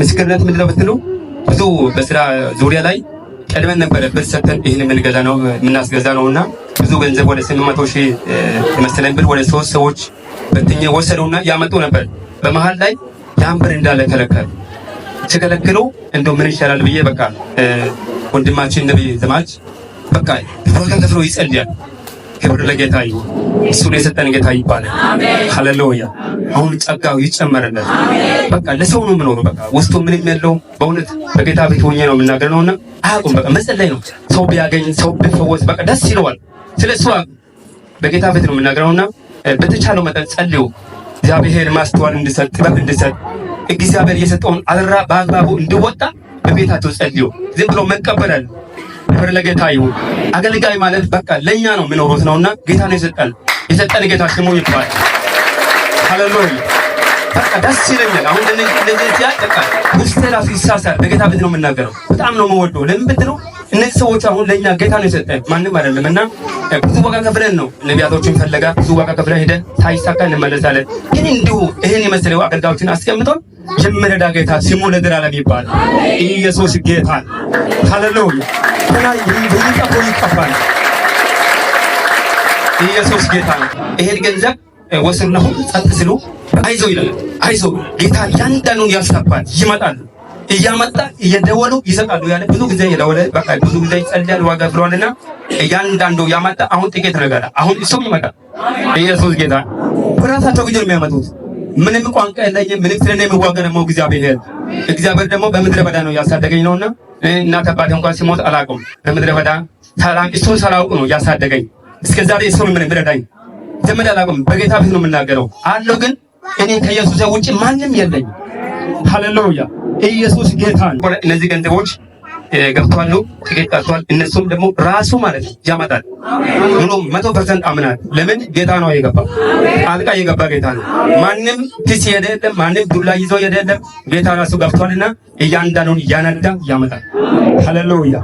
ምስክርነት ምንድነው ብትሉ ብዙ በስራ ዙሪያ ላይ ቀድመን ነበረ ብር ሰጥተን ይህን የምንገዛ ነው የምናስገዛ ነው እና ብዙ ገንዘብ ወደ ስምንት መቶ ሺህ የመሰለን ብር ወደ ሶስት ሰዎች በትኘ ወሰዱና ያመጡ ነበር። በመሀል ላይ ያን ብር እንዳለ ከለከሉ። ሲከለክሉ እንደ ምን ይሻላል ብዬ በቃ ወንድማችን ነብይ ዘማች በቃ ፎቶ ተፍሎ ይጸልያል። ክብር ለጌታ ይሁን። እሱን የሰጠን ጌታ ይባላል። ሃሌሉያ። አሁን ጸጋው ይጨመርለት። በቃ ለሰው ነው የምኖረው። በቃ ውስጡ ምንም ያለው በእውነት በጌታ ቤት ሆኜ ነው የምናገር ነውና አያውቁም። በቃ መጸለይ ነው። ሰው ቢያገኝ ሰው ቢፈወስ በቃ ደስ ይለዋል። ስለ እሱ በጌታ ቤት ነው የምናገረውና በተቻለው መጠን ጸልዩ። እግዚአብሔር ማስተዋል እንድሰጥ ጥበብ እንድሰጥ እግዚአብሔር የሰጠውን አደራ በአግባቡ እንድወጣ በቤታቸው ጸልዩ። ዝም ብሎ መቀበላል። ፍር ለጌታ ይሁን። አገልጋይ ማለት በቃ ለእኛ ነው የምኖሩት ነውና ጌታ ነው ይሰጣል። የሰጠን ጌታ ስሙ ይባል። ሃሌሉያ በቃ ደስ ይለኛል። አሁን እንደዚህ ያ በቃ ውስጥ ራሱ ይሳሳል። በጌታ ብድ ነው የምናገረው። በጣም ነው መወደው። ለምን ብድ ነው? እነዚህ ሰዎች አሁን ለእኛ ጌታ ነው የሰጠን ማንም አይደለም። እና ብዙ ዋጋ ከፍለን ነው ነቢያቶችን ፈለጋ ብዙ ዋጋ ከፍለን ሄደን ሳይሳካ እንመለሳለን። ግን እንዲሁ ይህን የመሰለው አገልጋዮችን አስቀምጠው የምረዳ ጌታ ስሙ ለዘላለም ይባላል። ኢየሱስ ጌታ ሃሌሉያ ተና ይጠፉ ይጠፋል ኢየሱስ ጌታ ነው። ይሄን ገንዘብ ወስነው ጸጥ ስሉ አይዞ ይላል። አይዞ ጌታ ያንዳንዱን ያሳባል። ይመጣሉ እያመጣ እየደወሉ ይሰጣሉ ያለ ብዙ ጊዜ የደወለ በቃ ብዙ ጊዜ ጸልያል ዋጋ ብሏልና እያንዳንዱ ያመጣ አሁን ጥቂት ነገር አሁን እሱም ይመጣል። ኢየሱስ ጌታ ራሳቸው ጊዜ የሚያመጡት ምንም ቋንቋ የለኝም ምንም ስለኔ የሚዋጋ ደግሞ እግዚአብሔር እግዚአብሔር ደግሞ በምድረ በዳ ነው ያሳደገኝ ነውና እና ከባድ እንኳን ሲሞት አላውቅም በምድረ በዳ ሰላም እሱን ሰላውቅ ነው ያሳደገኝ እስከ ዛሬ ሰው ምን ብረዳኝ ዘመድ አላውቅም። በጌታ ፊት ነው የምናገረው አለው። ግን እኔ ከኢየሱስ ውጭ ማንም የለኝ። ሃሌሉያ ኢየሱስ ጌታ ነው። እነዚህ ገንዘቦች ገብቷሉ፣ ጥቂት ቀርቷል። እነሱም ደግሞ ራሱ ማለት ያመጣል ብሎ መቶ ፐርሰንት አምናል። ለምን ጌታ ነው የገባ አልቃ የገባ ጌታ ነው። ማንም ኪስ የሄደ የለም፣ ማንም ዱላ ይዞ የሄደ የለም። ጌታ ራሱ ገብቷልና እያንዳንዱን እያነዳ ያመጣል። ሃሌሉያ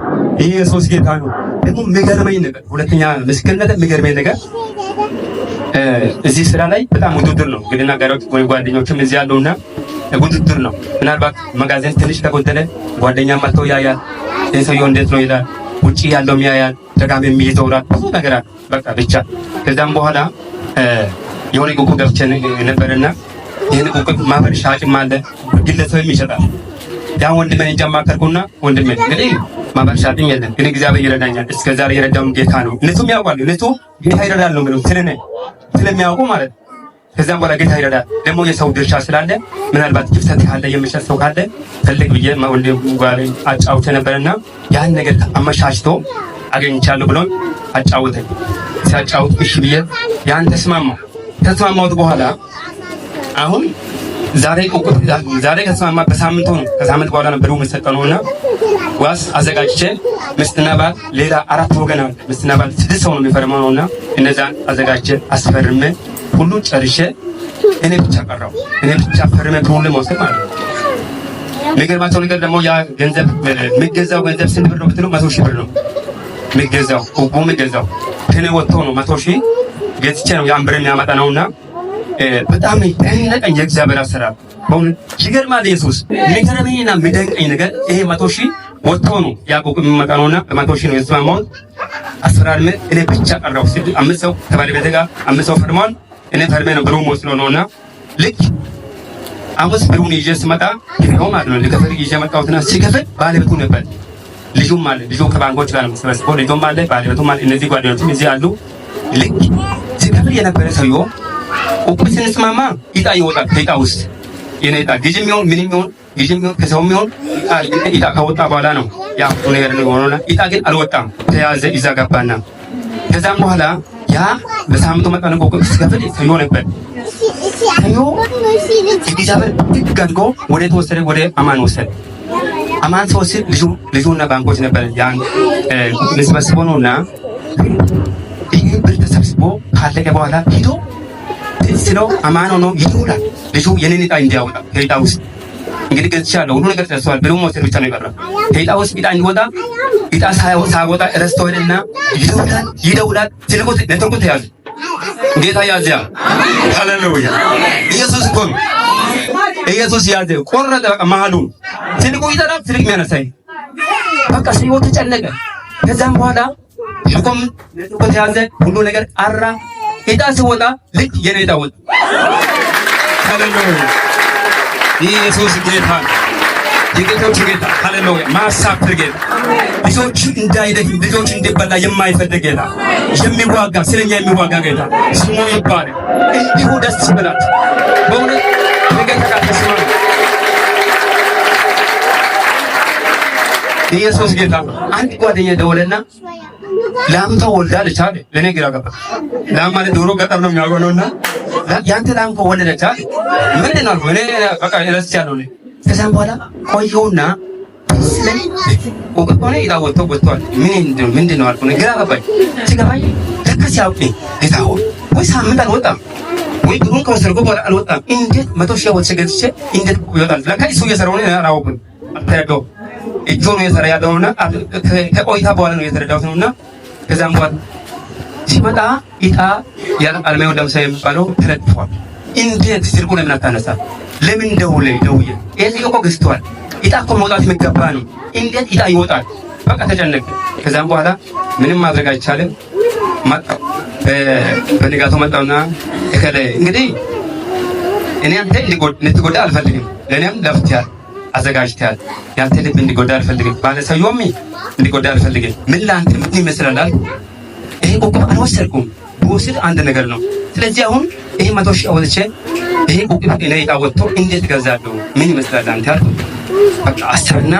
ኢየሱስ ጌታ ነው። ደግሞ የሚገርመኝ ነገር ሁለተኛ ምስክርነት የሚገርመኝ ነገር እዚህ ስራ ላይ በጣም ውድድር ነው። እንግዲህ ናጋሪዎች ወይ ጓደኞችም እዚህ ያለውና ውድድር ነው። ምናልባት መጋዘን ትንሽ ተጎደለ፣ ጓደኛ መጥቶ ያያል። ሰውየው እንዴት ነው ይላል። ውጭ ያለውም ያያል። ደጋሚ የሚይዘውራል ብዙ ነገር አለ። በቃ ብቻ ከዛም በኋላ የሆነ ጉቁ ገብቼ ነበርና ይህን ጉቁ ማህበር ሻጭም አለ ግለሰብም ይሸጣል። ያ ወንድሜን እንጃ ማከርኩና ወንድሜን እንግዲህ ማበረሻት የለም። ግን እግዚአብሔር ይረዳኛል። እስከዛሬ የረዳውን ጌታ ነው። እነሱም ያውቋል። እነሱ ጌታ ይረዳል ነው የሚለው ስለነ ስለሚያውቁ ማለት ነው። ከዛም በኋላ ጌታ ይረዳል። ደግሞ የሰው ድርሻ ስላለ ምናልባት ክፍተት ካለ የምሸት ሰው ካለ ትልቅ ብዬ ወንድም ጋር አጫውቼ ነበርና ያን ነገር አመሻሽቶ አገኝቻለሁ ብሎን አጫወተኝ። ሲያጫውት እሺ ብዬ ያን ተስማማ ከተስማማሁት በኋላ አሁን ዛሬ ዛሬ ከተስማማ በሳምንት ሆኖ ከሳምንት በኋላ ነው ብሩ የምሰጠው እና ዋስ አዘጋጅቼ ምስትና ባል ሌላ አራት ወገን አለ። ምስትና ባል ስድስት ሰው ነው የሚፈርመው ነውና እነዛን አዘጋጅቼ አስፈርሜ ሁሉ ጨርሼ እኔ ብቻ ቀረው። እኔ ብቻ ፈርሜ ብሩን ለመውሰድ ማለት ነው። የሚገርማቸው ነገር ደግሞ ያ ገንዘብ የሚገዛው ገንዘብ ስንት ብር ነው ብትሉ መቶ ሺህ ብር ነው የሚገዛው። ቁቁ የሚገዛው ከኔ ወጥቶ ነው መቶ ሺህ ገዝቼ ነው ያን ብር የሚያመጣ ነውና በጣም ደነቀኝ። የእግዚአብሔር አሰራር በእውነት ይገርማል። ኢየሱስ የሚገርመኝና የሚደንቀኝ ነገር ይሄ መቶ ሺህ ወጥቶ ነው ያዕቆብ የሚመጣ ነውና በመቶ ሺህ ነው የተስማማው አሰራር። እኔ ብቻ ቀረሁ። አምስት ሰው ከባለቤቴ ጋር አምስት ሰው ፈርሟል። እኔ ፈርሜ ነው ብሩም ወስዶ ነውና ልክ አምስት ብሩን ይዤ ስመጣ ይሄው ማለት ነው ልከፍል ይዤ መጣሁትና ሲከፍል ባለቤቱ ነበር ልጁም አለ። ልጁ ከባንኮች ጋር ነው ተሰብስቦ ልጁም አለ ባለቤቱም አለ። እነዚህ ጓደኞችም እዚህ አሉ። ልክ ሲከፍል የነበረ ሰውዬው እኩል ስንስማማ ይጣ ይወጣል ከይጣ ውስጥ የኔ ይጣ ግዥ የሚሆን ምን የሚሆን ግዥ የሚሆን ከሰው የሚሆን ይጣ ከወጣ በኋላ ነው ያ ነገር ሆኖና ይጣ ግን አልወጣም። ተያዘ ይዛ ገባና ከዛም በኋላ ያ በሳምንቱ መጣ ነው ቆቆ ሲከፍል ሰዮ ነበር። ሰዮ እግዚአብሔር ድግ አድርጎ ወደ ተወሰደ ወደ አማን ወሰደ። አማን ሲወስድ ልጁ ልጁና ባንኮች ነበር ያን ተሰብስቦ ነውና ይህ ብር ተሰብስቦ ካለቀ በኋላ ሂዶ ስለው አማኖ ነው ይሉላል ልጁ የኔን ዕጣ እንዲያወጣ ከዕጣ ውስጥ እንግዲህ ገዝቻለሁ ሁሉ ነገር ደርሰዋል ብሎ መውሰድ ብቻ ነው የቀረው። ከዕጣ ውስጥ ዕጣ እንዲወጣ ዕጣ ሳይወጣ ረስተዋልና ይደውላል ይደውላል። ትልቁት ለትልቁት ተያዘ። ጌታ ያዘ። ሃሌሉያ! ኢየሱስ እኮ ነው። ኢየሱስ ያዘ፣ ቆረጠ። በቃ መሀሉ ትልቁ ይጠራል፣ ትልቅ የሚያነሳኝ በቃ ሲወ ተጨነቀ። ከዛም በኋላ ልቆም ለትልቁት ተያዘ። ሁሉ ነገር አራ ዕጣ ሲወጣ ልክ የኔ ዕጣ ወጣ። ሃሌሉያ! ኢየሱስ ጌታ የጌቶች ጌታ ሃሌሉያ! ማሳፍር ጌታ፣ ልጆች እንዳይደግ ልጆች እንዲበላ የማይፈድ ጌታ፣ የሚዋጋ ስለኛ የሚዋጋ ጌታ ስሙ ይባላል። እንዲሁ ደስ ይበላት በእውነት ነገር ተቃተስማ ኢየሱስ ጌታ አንድ ጓደኛ ደወለና ላም ተወልዳለች አለ። እኔ ግራ ገባ። ላም ማለት ዶሮ ገጠር ነው የሚያገኘው እና ያንተ ላም ከወለደች አለ። ምንድን ነው አልኩህ። እኔ በቃ ረስቻለሁ። ከዛም በኋላ ቆየሁና እውቀት ከሆነ ይዛ ወጥተው ወጥተዋል። ምንድን ነው አልኩህ። ግራ ገባኝ። ሲገባኝ ለካ ሲያውቅኝ ጌታ ሆይ ወይ ሳምንት አልወጣም ወይ ብሩን ከወሰድኩ በኋላ አልወጣም። እንዴት መቶ ሺህ ወጥ ገዝቼ እንዴት ይወጣል? ለካ እሱ እየሰራሁ ነው። አላወኩም፣ አልተረዳሁም እጁ ነው የተረዳው እና ከቆይታ በኋላ ነው የተረዳሁት ነውና ከዛም በኋላ ሲመጣ ኢጣ አለማየሁ ዳምሳ የሚባለው ተለጥፏል። እንዴት ስልኩ ለምን አታነሳ? ለምን ደውለ ደውየ ይህ እኮ ገዝቷል። ኢጣ እኮ መውጣት የሚገባ ነው። እንዴት ኢጣ ይወጣል? በቃ ተጨነቅ። ከዛም በኋላ ምንም ማድረግ አይቻልም። መጣሁ በንጋቱ መጣውና እከለ እንግዲህ እኔ አንተ እንድትጎዳ አልፈልግም። ለእኔም ለፍትያል አዘጋጅተሃል። ያንተ ልብ እንዲጎዳ አልፈልግም። ዮሚ እንዲጎዳ አልፈልግም። ምን ለአንተ ምን ይመስላል? ይሄ ቁቁም አልወሰድኩም። ብወስድ አንድ ነገር ነው። ስለዚህ አሁን ይሄ መቶ ሺህ አወጥቼ ይሄ ቁቁም እኔ ዕቃ ወጥቶ እንዴት ገዛለሁ? ምን ይመስላል አንተ አልኩ። በቃ አሰብና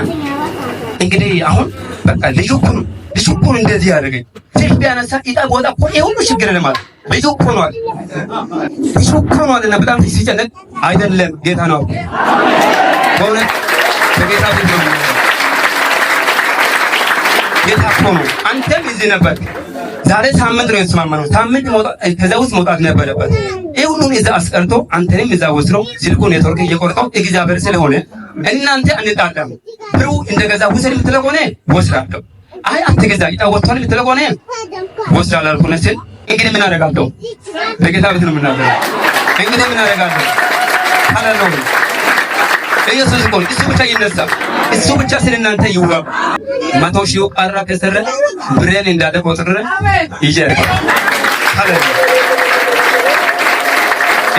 እንግዲህ አሁን በቃ ልጁ እኮ ነው ልጁ እኮ ነው እንደዚህ ያደረገኝ። ስልክ ቢያነሳ ዕጣ ቦታ እኮ ይሄ ሁሉ ችግር ለማለት ልጁ እኮ ነው አለ ልጁ እኮ ነው አለና በጣም ሲጨነቅ አይደለም ጌታ ነው በእውነት ጌታ ፊት ነው የታፈኑ አንተም እዚህ ነበር። ዛሬ ሳምንት ነው የተስማማነው። ሳምንት ከዛ ውስጥ መውጣት ነበረበት። ይህ ሁሉን እዛ አስቀርቶ አንተንም እዛ ወስዶ ስልኩ ኔትወርክ እየቆርጠው እግዚአብሔር ስለሆነ እናንተ አንጣጣም። ብሩ እንደገዛ ውሰድ የምትለው ከሆነ ወስዳለሁ። አይ አትገዛ የምትለው ከሆነ ወስዳለሁ ስል እንግዲህ ምን አደርጋለሁ? በጌታ ቤት ነው የምናደርገው። እንግዲህ ምን አደርጋለሁ? ኢየሱስ እኮ እሱ ብቻ ይነሳ። እሱ ብቻ ስለናንተ ይዋብ። መቶ ሺህ ቃራ ከሰረ ብሬን እንዳለ ቆጥረ ይጀር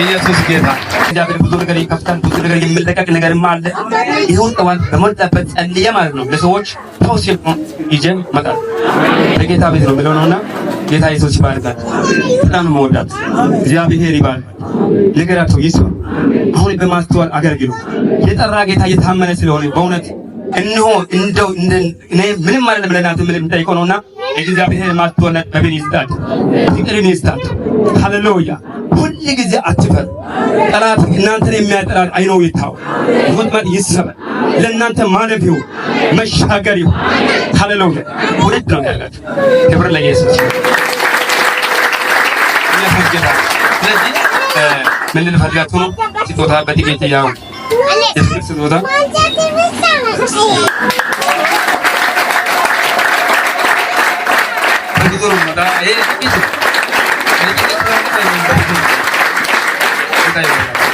ኢየሱስ ጌታ እግዚአብሔር ብዙ ነገር ይከፍታል። ብዙ ነገር የሚለቀቅ ነገርማ አለ። ይሁን ጠዋት በሞልጠበት ጸልየ ማለት ነው ለሰዎች ተውሲል ይጀም መጣል በጌታ ቤት ነው የሚለው ነውና ጌታ ኢየሱስ ይባርካል። በጣም ነው መወዳት። እግዚአብሔር ይባል ነገራቸው ይስሩ። አሁን በማስተዋል አገልግሉ። የጠራ ጌታ እየታመነ ስለሆነ በእውነት እነሆ እንደው እኔ ምንም ማለት ለምለናት ምንም ጠይቆ ነውና እግዚአብሔር ማስተዋል በምን ይስጣል፣ ፍቅርን ይስጣል። ሃሌሉያ ሁል ጊዜ አትፈር። ጠላት እናንተን የሚያጠራ አይኖ ይታው ወጥመድ ይሰበል ለእናንተ ማለፍ ይሁን፣ መሻገር ይሁን። ሃሌሉያ! ውድ ነው ያላችሁ። ክብር ለኢየሱስ። ምን ልንፈልጋችሁ ነው? ስጦታ በቲኬት ያው ስጦታ ይሄ